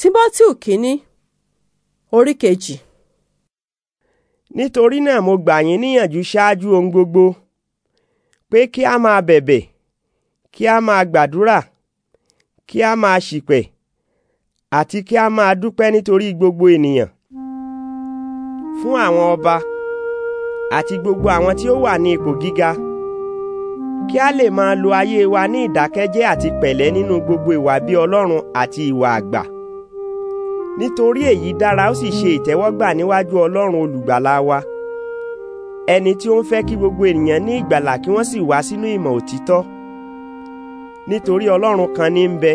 Tímótíù kínní orí kejì. nítorí náà mo gbà yín níyànjú ṣáájú ohun gbogbo pé kí a máa bẹ̀bẹ̀ kí a máa gbàdúrà kí a máa ṣìpẹ̀ àti kí a máa dúpẹ́ nítorí gbogbo ènìyàn fún àwọn ọba àti gbogbo àwọn tí ó wà ní ipò gíga kí a lè máa lo ayé wa ní ìdákẹ́jẹ́ àti pẹ̀lẹ́ nínú gbogbo ìwà bí Ọlọ́run àti ìwà àgbà nítorí èyí dára ó sì ṣe ìtẹ́wọ́gbà níwájú Ọlọ́run olùgbàlà wa ẹni tí ó ń fẹ́ kí gbogbo ènìyàn ní ìgbàlà kí wọ́n sì wá sínú ìmọ̀ òtítọ́ nítorí Ọlọ́run kan ní ń bẹ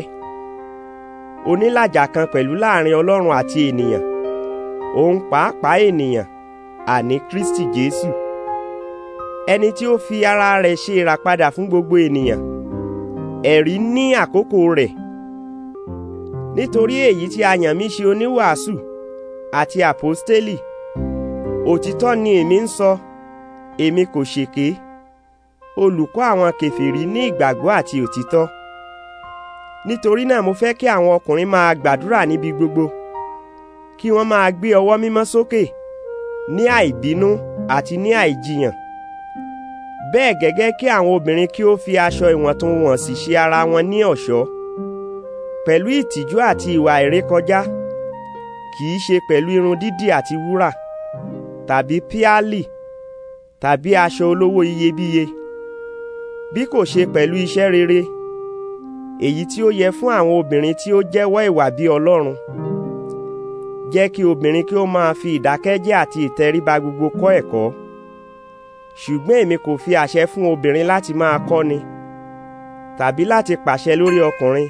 onílàjà kan pẹ̀lú láàrin Ọlọ́run àti ènìyàn òun pàápàá ènìyàn àní Kristi Jésù ẹni tí ó fi ara rẹ̀ ṣe ìràpadà fún gbogbo ènìyàn ẹ̀rí ní àkókò rẹ̀ nítorí èyí tí a yàn mí ṣe oníwàásù àti àpọ́stélì òtítọ́ ni èmi ń sọ èmi kò ṣèké olùkọ́ àwọn kèfèrí ní ìgbàgbọ́ àti òtítọ́ nítorí náà mo fẹ́ kí àwọn ọkùnrin máa gbàdúrà níbi gbogbo kí wọ́n máa gbé ọwọ́ mímọ́ sókè ní àìbínú àti ní àìjiyàn bẹ́ẹ̀ gẹ́gẹ́ kí àwọn obìnrin kí ó fi aṣọ ìwọ̀ntúnwọ̀nsì ṣe ara wọn ní ọ̀ṣọ́ pẹ̀lú ìtìjú àti ìwà ìrékọjá kì í ṣe pẹ̀lú irun dídì àti wúrà tàbí píálì tàbí aṣọ olówó iyebíye bí kò ṣe pẹ̀lú iṣẹ́ rere èyí tí ó yẹ fún àwọn obìnrin tí ó jẹ́wọ́ ìwà bí Ọlọ́run jẹ́ kí obìnrin kí ó máa fi ìdákẹ́jẹ́ àti ìtẹríba gbogbo kọ́ ẹ̀kọ́ ṣùgbọ́n èmi kò fi àṣẹ fún obìnrin láti máa kọ́ni tàbí láti pàṣẹ lórí ọkùnrin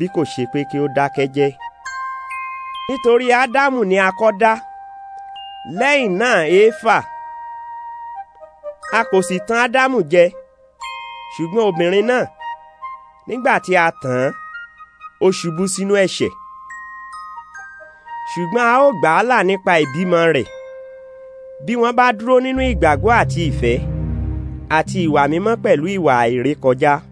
bí kò ṣe pé kí ó dákẹ́ jẹ́ nítorí ádámù ni a kọ́ dá lẹ́yìn náà éfà a kò sì tàn ádámù jẹ ṣùgbọ́n obìnrin náà nígbà tí a tàn án ó ṣubú sínú ẹ̀ṣẹ̀ ṣùgbọ́n a ó gbà á là nípa ìbímọ rẹ̀ bí wọ́n bá dúró nínú ìgbàgbọ́ àti ìfẹ́ àti ìwà mímọ́ pẹ̀lú ìwà àìrékọjá. E